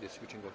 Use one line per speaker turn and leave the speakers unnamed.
the switching go.